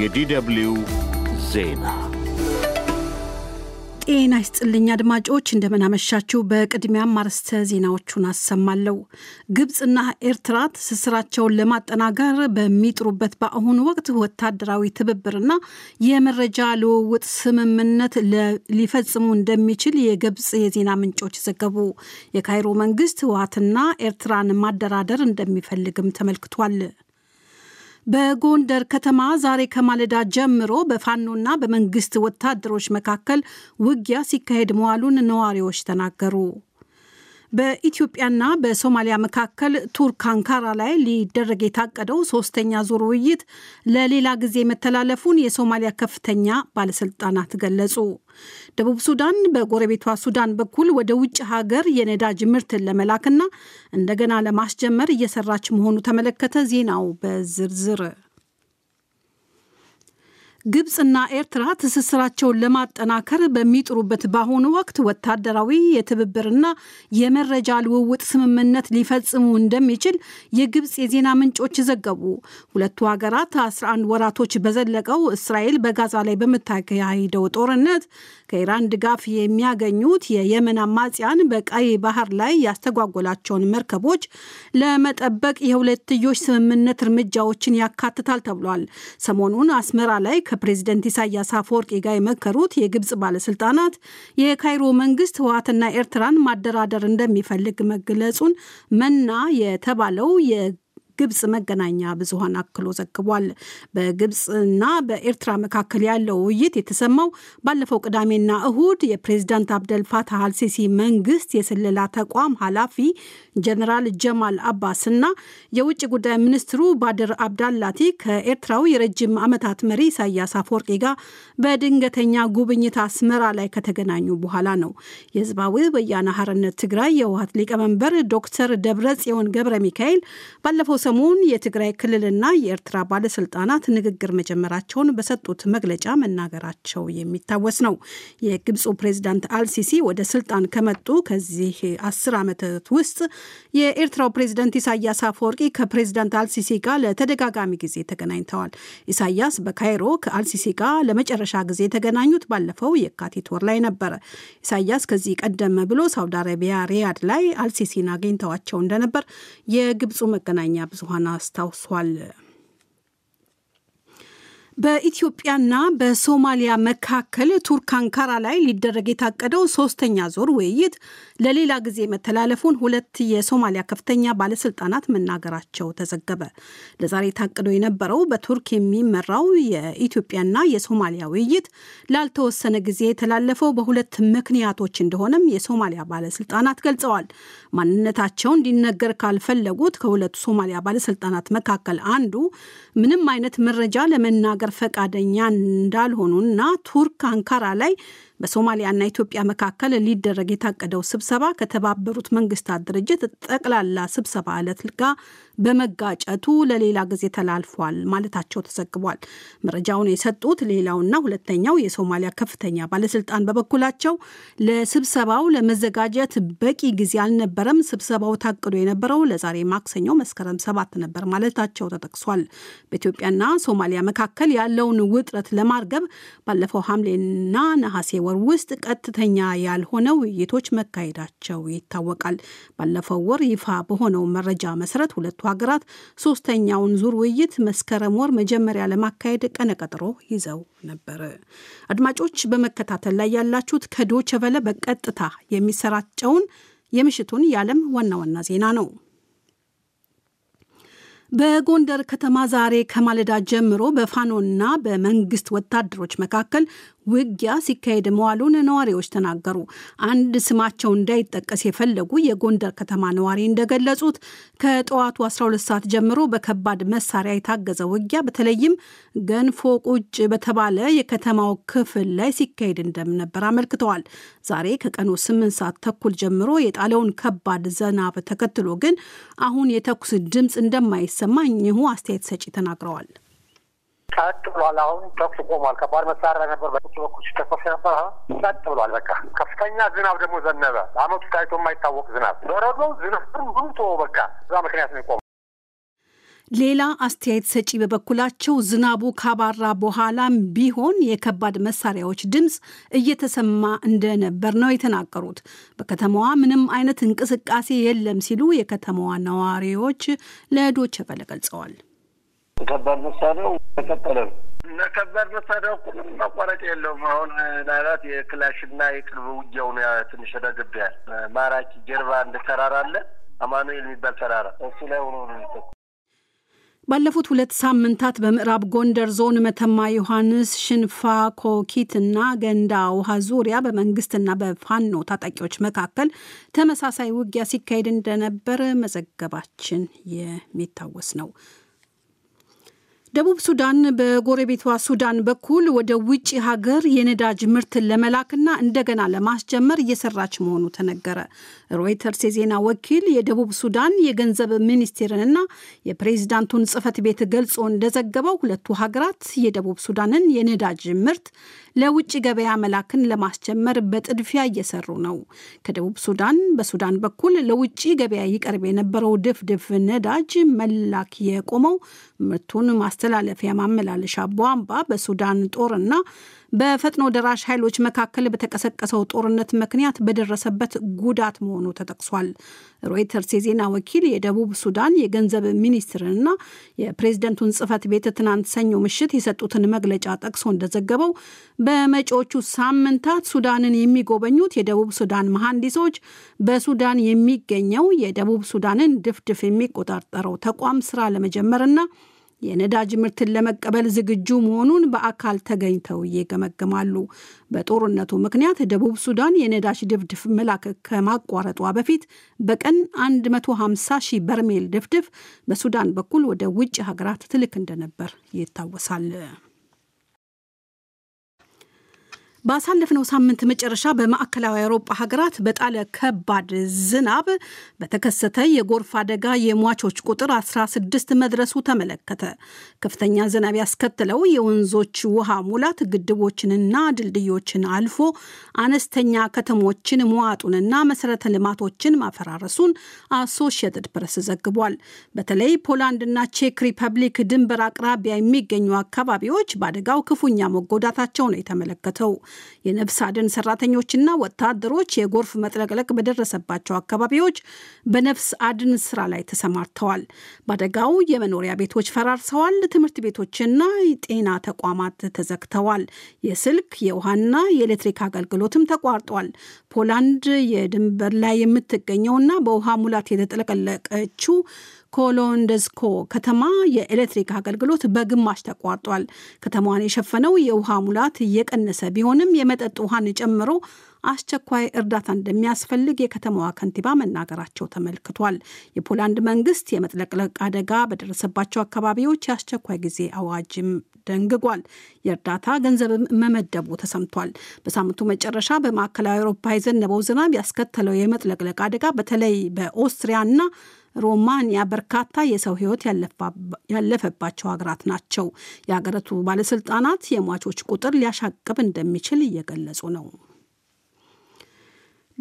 የዲደብልዩ ዜና ጤና ይስጥልኝ አድማጮች፣ እንደምናመሻችው በቅድሚያም አርዕስተ ዜናዎቹን አሰማለሁ። ግብፅና ኤርትራ ትስስራቸውን ለማጠናገር በሚጥሩበት በአሁኑ ወቅት ወታደራዊ ትብብርና የመረጃ ልውውጥ ስምምነት ሊፈጽሙ እንደሚችል የግብፅ የዜና ምንጮች ዘገቡ። የካይሮ መንግስት ህወሓትና ኤርትራን ማደራደር እንደሚፈልግም ተመልክቷል። በጎንደር ከተማ ዛሬ ከማለዳ ጀምሮ በፋኖና በመንግስት ወታደሮች መካከል ውጊያ ሲካሄድ መዋሉን ነዋሪዎች ተናገሩ። በኢትዮጵያና በሶማሊያ መካከል ቱርክ አንካራ ላይ ሊደረግ የታቀደው ሶስተኛ ዙር ውይይት ለሌላ ጊዜ መተላለፉን የሶማሊያ ከፍተኛ ባለስልጣናት ገለጹ። ደቡብ ሱዳን በጎረቤቷ ሱዳን በኩል ወደ ውጭ ሀገር የነዳጅ ምርትን ለመላክና እንደገና ለማስጀመር እየሰራች መሆኑ ተመለከተ። ዜናው በዝርዝር ግብፅና ኤርትራ ትስስራቸውን ለማጠናከር በሚጥሩበት በአሁኑ ወቅት ወታደራዊ የትብብርና የመረጃ ልውውጥ ስምምነት ሊፈጽሙ እንደሚችል የግብፅ የዜና ምንጮች ዘገቡ። ሁለቱ ሀገራት 11 ወራቶች በዘለቀው እስራኤል በጋዛ ላይ በምታካሄደው ጦርነት ከኢራን ድጋፍ የሚያገኙት የየመን አማጽያን በቀይ ባህር ላይ ያስተጓጎላቸውን መርከቦች ለመጠበቅ የሁለትዮሽ ስምምነት እርምጃዎችን ያካትታል ተብሏል። ሰሞኑን አስመራ ላይ ከፕሬዚደንት ኢሳያስ አፈወርቂ ጋር የመከሩት የግብፅ ባለስልጣናት የካይሮ መንግስት ህወሓትና ኤርትራን ማደራደር እንደሚፈልግ መግለጹን መና የተባለው የግብፅ መገናኛ ብዙሀን አክሎ ዘግቧል። በግብፅና በኤርትራ መካከል ያለው ውይይት የተሰማው ባለፈው ቅዳሜና እሁድ የፕሬዝዳንት አብደል ፋታህ አልሲሲ መንግስት የስለላ ተቋም ኃላፊ ጀነራል ጀማል አባስ እና የውጭ ጉዳይ ሚኒስትሩ ባድር አብዳላቲ ከኤርትራው የረጅም ዓመታት መሪ ኢሳያስ አፈወርቂ ጋር በድንገተኛ ጉብኝት አስመራ ላይ ከተገናኙ በኋላ ነው። የህዝባዊ ወያነ ሓርነት ትግራይ የህወሓት ሊቀመንበር ዶክተር ደብረ ጽዮን ገብረ ሚካኤል ባለፈው ሰሞን የትግራይ ክልልና የኤርትራ ባለስልጣናት ንግግር መጀመራቸውን በሰጡት መግለጫ መናገራቸው የሚታወስ ነው። የግብፁ ፕሬዚዳንት አልሲሲ ወደ ስልጣን ከመጡ ከዚህ አስር ዓመታት ውስጥ የኤርትራው ፕሬዚዳንት ኢሳያስ አፈወርቂ ከፕሬዚዳንት አልሲሲ ጋር ለተደጋጋሚ ጊዜ ተገናኝተዋል። ኢሳያስ በካይሮ ከአልሲሲ ጋር ለመጨረሻ ጊዜ የተገናኙት ባለፈው የካቲት ወር ላይ ነበረ። ኢሳያስ ከዚህ ቀደም ብሎ ሳውዲ አረቢያ ሪያድ ላይ አልሲሲን አግኝተዋቸው እንደነበር የግብፁ መገናኛ ብዙሀን አስታውሷል። በኢትዮጵያና በሶማሊያ መካከል ቱርክ አንካራ ላይ ሊደረግ የታቀደው ሶስተኛ ዞር ውይይት ለሌላ ጊዜ መተላለፉን ሁለት የሶማሊያ ከፍተኛ ባለስልጣናት መናገራቸው ተዘገበ። ለዛሬ ታቅዶ የነበረው በቱርክ የሚመራው የኢትዮጵያና የሶማሊያ ውይይት ላልተወሰነ ጊዜ የተላለፈው በሁለት ምክንያቶች እንደሆነም የሶማሊያ ባለስልጣናት ገልጸዋል። ማንነታቸው እንዲነገር ካልፈለጉት ከሁለቱ ሶማሊያ ባለስልጣናት መካከል አንዱ ምንም አይነት መረጃ ለመናገር ለመናገር ፈቃደኛ እንዳልሆኑና ቱርክ አንካራ ላይ በሶማሊያና ኢትዮጵያ መካከል ሊደረግ የታቀደው ስብሰባ ከተባበሩት መንግስታት ድርጅት ጠቅላላ ስብሰባ ዕለት ጋር በመጋጨቱ ለሌላ ጊዜ ተላልፏል ማለታቸው ተዘግቧል። መረጃውን የሰጡት ሌላውና ሁለተኛው የሶማሊያ ከፍተኛ ባለስልጣን በበኩላቸው ለስብሰባው ለመዘጋጀት በቂ ጊዜ አልነበረም፣ ስብሰባው ታቅዶ የነበረው ለዛሬ ማክሰኞ መስከረም ሰባት ነበር ማለታቸው ተጠቅሷል። በኢትዮጵያና ሶማሊያ መካከል ያለውን ውጥረት ለማርገብ ባለፈው ሐምሌና ነሐሴ ወር ውስጥ ቀጥተኛ ያልሆነ ውይይቶች መካሄዳቸው ይታወቃል። ባለፈው ወር ይፋ በሆነው መረጃ መሰረት ሁለቱ ሀገራት ሶስተኛውን ዙር ውይይት መስከረም ወር መጀመሪያ ለማካሄድ ቀነቀጥሮ ይዘው ነበር። አድማጮች በመከታተል ላይ ያላችሁት ከዶቼ ቬለ በቀጥታ የሚሰራጨውን የምሽቱን የዓለም ዋና ዋና ዜና ነው። በጎንደር ከተማ ዛሬ ከማለዳ ጀምሮ በፋኖና በመንግስት ወታደሮች መካከል ውጊያ ሲካሄድ መዋሉን ነዋሪዎች ተናገሩ። አንድ ስማቸው እንዳይጠቀስ የፈለጉ የጎንደር ከተማ ነዋሪ እንደገለጹት ከጠዋቱ 12 ሰዓት ጀምሮ በከባድ መሳሪያ የታገዘ ውጊያ በተለይም ገንፎ ቁጭ በተባለ የከተማው ክፍል ላይ ሲካሄድ እንደነበር አመልክተዋል። ዛሬ ከቀኑ 8 ሰዓት ተኩል ጀምሮ የጣለውን ከባድ ዘናብ ተከትሎ ግን አሁን የተኩስ ድምፅ እንደማይሰማ እኚሁ አስተያየት ሰጪ ተናግረዋል። ጸጥ ብሏል። አሁን ተኩስ ቆሟል። ከባድ መሳሪያ ነበር በቁጭ በኩል ሲተኮስ ነበር። አሁን ጸጥ ብሏል። በቃ ከፍተኛ ዝናብ ደግሞ ዘነበ። አመቱ ታይቶ የማይታወቅ ዝናብ፣ በረዶ፣ ዝናብ ሁምቶ በቃ እዛ ምክንያት ነው የቆመው። ሌላ አስተያየት ሰጪ በበኩላቸው ዝናቡ ካባራ በኋላም ቢሆን የከባድ መሳሪያዎች ድምፅ እየተሰማ እንደነበር ነው የተናገሩት። በከተማዋ ምንም አይነት እንቅስቃሴ የለም ሲሉ የከተማዋ ነዋሪዎች ለዶቸ ገልጸዋል። ከባድ መሳሪያው ተቀጠለ ነው እና ከባድ መሳሪያው እኮ ማቋረጥ የለውም። አሁን ላላት የክላሽና የቅርብ ውጊያው ነው ትንሽ ረገብ ያለ ማራኪ ጀርባ እንደ ተራራ አለ አማኑኤል የሚባል ተራራ እሱ ላይ ሆኖ ነው የሚጠቁ ባለፉት ሁለት ሳምንታት በምዕራብ ጎንደር ዞን መተማ ዮሐንስ፣ ሽንፋ፣ ኮኪት እና ገንዳ ውሃ ዙሪያ በመንግስትና በፋኖ ታጣቂዎች መካከል ተመሳሳይ ውጊያ ሲካሄድ እንደነበር መዘገባችን የሚታወስ ነው። ደቡብ ሱዳን በጎረቤቷ ሱዳን በኩል ወደ ውጭ ሀገር የነዳጅ ምርትን ለመላክና እንደገና ለማስጀመር እየሰራች መሆኑ ተነገረ። ሮይተርስ የዜና ወኪል የደቡብ ሱዳን የገንዘብ ሚኒስቴርንና የፕሬዚዳንቱን ጽህፈት ቤት ገልጾ እንደዘገበው ሁለቱ ሀገራት የደቡብ ሱዳንን የነዳጅ ምርት ለውጭ ገበያ መላክን ለማስጀመር በጥድፊያ እየሰሩ ነው። ከደቡብ ሱዳን በሱዳን በኩል ለውጭ ገበያ ይቀርብ የነበረው ድፍድፍ ነዳጅ መላክ የቆመው ምርቱን ማስተ ማስተላለፊያ ማመላለሻ ቧንቧ በሱዳን ጦርና በፈጥኖ ደራሽ ኃይሎች መካከል በተቀሰቀሰው ጦርነት ምክንያት በደረሰበት ጉዳት መሆኑ ተጠቅሷል። ሮይተርስ የዜና ወኪል የደቡብ ሱዳን የገንዘብ ሚኒስትርንና የፕሬዝደንቱን ጽህፈት ቤት ትናንት ሰኞ ምሽት የሰጡትን መግለጫ ጠቅሶ እንደዘገበው በመጪዎቹ ሳምንታት ሱዳንን የሚጎበኙት የደቡብ ሱዳን መሐንዲሶች በሱዳን የሚገኘው የደቡብ ሱዳንን ድፍድፍ የሚቆጣጠረው ተቋም ስራ ለመጀመርና የነዳጅ ምርትን ለመቀበል ዝግጁ መሆኑን በአካል ተገኝተው ይገመግማሉ። በጦርነቱ ምክንያት ደቡብ ሱዳን የነዳጅ ድፍድፍ መላክ ከማቋረጧ በፊት በቀን 150 ሺህ በርሜል ድፍድፍ በሱዳን በኩል ወደ ውጭ ሀገራት ትልክ እንደነበር ይታወሳል። ባሳለፍነው ሳምንት መጨረሻ በማዕከላዊ አውሮጳ ሀገራት በጣለ ከባድ ዝናብ በተከሰተ የጎርፍ አደጋ የሟቾች ቁጥር 16 መድረሱ ተመለከተ። ከፍተኛ ዝናብ ያስከትለው የወንዞች ውሃ ሙላት ግድቦችንና ድልድዮችን አልፎ አነስተኛ ከተሞችን መዋጡንና መሰረተ ልማቶችን ማፈራረሱን አሶሺየትድ ፕረስ ዘግቧል። በተለይ ፖላንድና ቼክ ሪፐብሊክ ድንበር አቅራቢያ የሚገኙ አካባቢዎች በአደጋው ክፉኛ መጎዳታቸው ነው የተመለከተው። የነፍስ አድን ሰራተኞችና ወታደሮች የጎርፍ መጥለቅለቅ በደረሰባቸው አካባቢዎች በነፍስ አድን ስራ ላይ ተሰማርተዋል። በአደጋው የመኖሪያ ቤቶች ፈራርሰዋል። ትምህርት ቤቶችና የጤና ተቋማት ተዘግተዋል። የስልክ የውሃና የኤሌክትሪክ አገልግሎትም ተቋርጧል። ፖላንድ የድንበር ላይ የምትገኘውና በውሃ ሙላት የተጠለቀለቀችው ኮሎንደስኮ ከተማ የኤሌክትሪክ አገልግሎት በግማሽ ተቋርጧል። ከተማዋን የሸፈነው የውሃ ሙላት እየቀነሰ ቢሆንም የመጠጥ ውሃን ጨምሮ አስቸኳይ እርዳታ እንደሚያስፈልግ የከተማዋ ከንቲባ መናገራቸው ተመልክቷል። የፖላንድ መንግስት የመጥለቅለቅ አደጋ በደረሰባቸው አካባቢዎች የአስቸኳይ ጊዜ አዋጅም ደንግጓል። የእርዳታ ገንዘብም መመደቡ ተሰምቷል። በሳምንቱ መጨረሻ በማዕከላዊ አውሮፓ የዘነበው ዝናብ ያስከተለው የመጥለቅለቅ አደጋ በተለይ በኦስትሪያና ሮማንያ በርካታ የሰው ህይወት ያለፈባቸው ሀገራት ናቸው። የሀገሪቱ ባለስልጣናት የሟቾች ቁጥር ሊያሻቅብ እንደሚችል እየገለጹ ነው።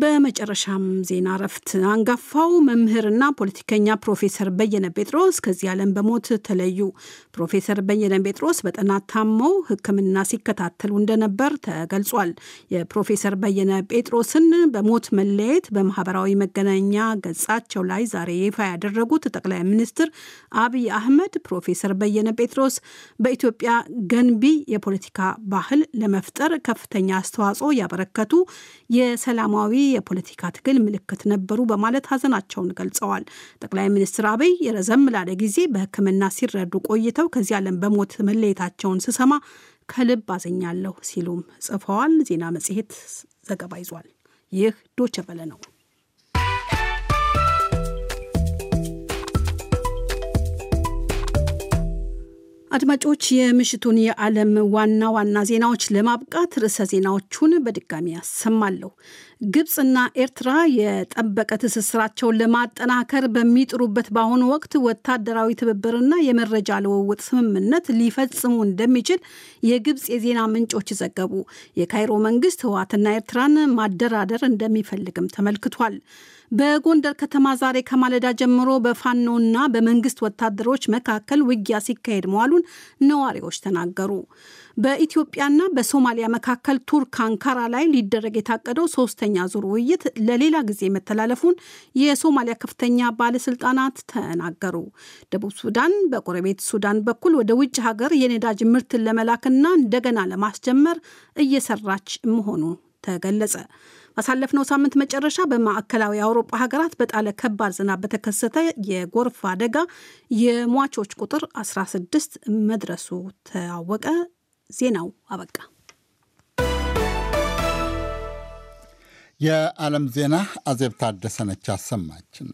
በመጨረሻም ዜና እረፍት። አንጋፋው መምህርና ፖለቲከኛ ፕሮፌሰር በየነ ጴጥሮስ ከዚህ ዓለም በሞት ተለዩ። ፕሮፌሰር በየነ ጴጥሮስ በጠናት ታመው ህክምና ሲከታተሉ እንደነበር ተገልጿል። የፕሮፌሰር በየነ ጴጥሮስን በሞት መለየት በማህበራዊ መገናኛ ገጻቸው ላይ ዛሬ ይፋ ያደረጉት ጠቅላይ ሚኒስትር አብይ አህመድ ፕሮፌሰር በየነ ጴጥሮስ በኢትዮጵያ ገንቢ የፖለቲካ ባህል ለመፍጠር ከፍተኛ አስተዋጽኦ ያበረከቱ የሰላማዊ የፖለቲካ ትግል ምልክት ነበሩ በማለት ሀዘናቸውን ገልጸዋል። ጠቅላይ ሚኒስትር አብይ ረዘም ላለ ጊዜ በሕክምና ሲረዱ ቆይተው ከዚህ ዓለም በሞት መለየታቸውን ስሰማ ከልብ አዘኛለሁ ሲሉም ጽፈዋል። ዜና መጽሔት ዘገባ ይዟል። ይህ ዶቸበለ ነው። አድማጮች የምሽቱን የዓለም ዋና ዋና ዜናዎች ለማብቃት ርዕሰ ዜናዎቹን በድጋሚ ያሰማለሁ። ግብፅና ኤርትራ የጠበቀ ትስስራቸውን ለማጠናከር በሚጥሩበት በአሁኑ ወቅት ወታደራዊ ትብብርና የመረጃ ልውውጥ ስምምነት ሊፈጽሙ እንደሚችል የግብፅ የዜና ምንጮች ዘገቡ። የካይሮ መንግስት ህዋትና ኤርትራን ማደራደር እንደሚፈልግም ተመልክቷል። በጎንደር ከተማ ዛሬ ከማለዳ ጀምሮ በፋኖና በመንግስት ወታደሮች መካከል ውጊያ ሲካሄድ መዋሉን ነዋሪዎች ተናገሩ። በኢትዮጵያና በሶማሊያ መካከል ቱርክ አንካራ ላይ ሊደረግ የታቀደው ሶስተኛ ዙር ውይይት ለሌላ ጊዜ መተላለፉን የሶማሊያ ከፍተኛ ባለስልጣናት ተናገሩ። ደቡብ ሱዳን በጎረቤት ሱዳን በኩል ወደ ውጭ ሀገር የነዳጅ ምርትን ለመላክና እንደገና ለማስጀመር እየሰራች መሆኑ ተገለጸ። ባሳለፍነው ሳምንት መጨረሻ በማዕከላዊ አውሮፓ ሀገራት በጣለ ከባድ ዝናብ በተከሰተ የጎርፍ አደጋ የሟቾች ቁጥር 16 መድረሱ ታወቀ። ዜናው አበቃ። የዓለም ዜና አዜብ ታደሰነች አሰማችን።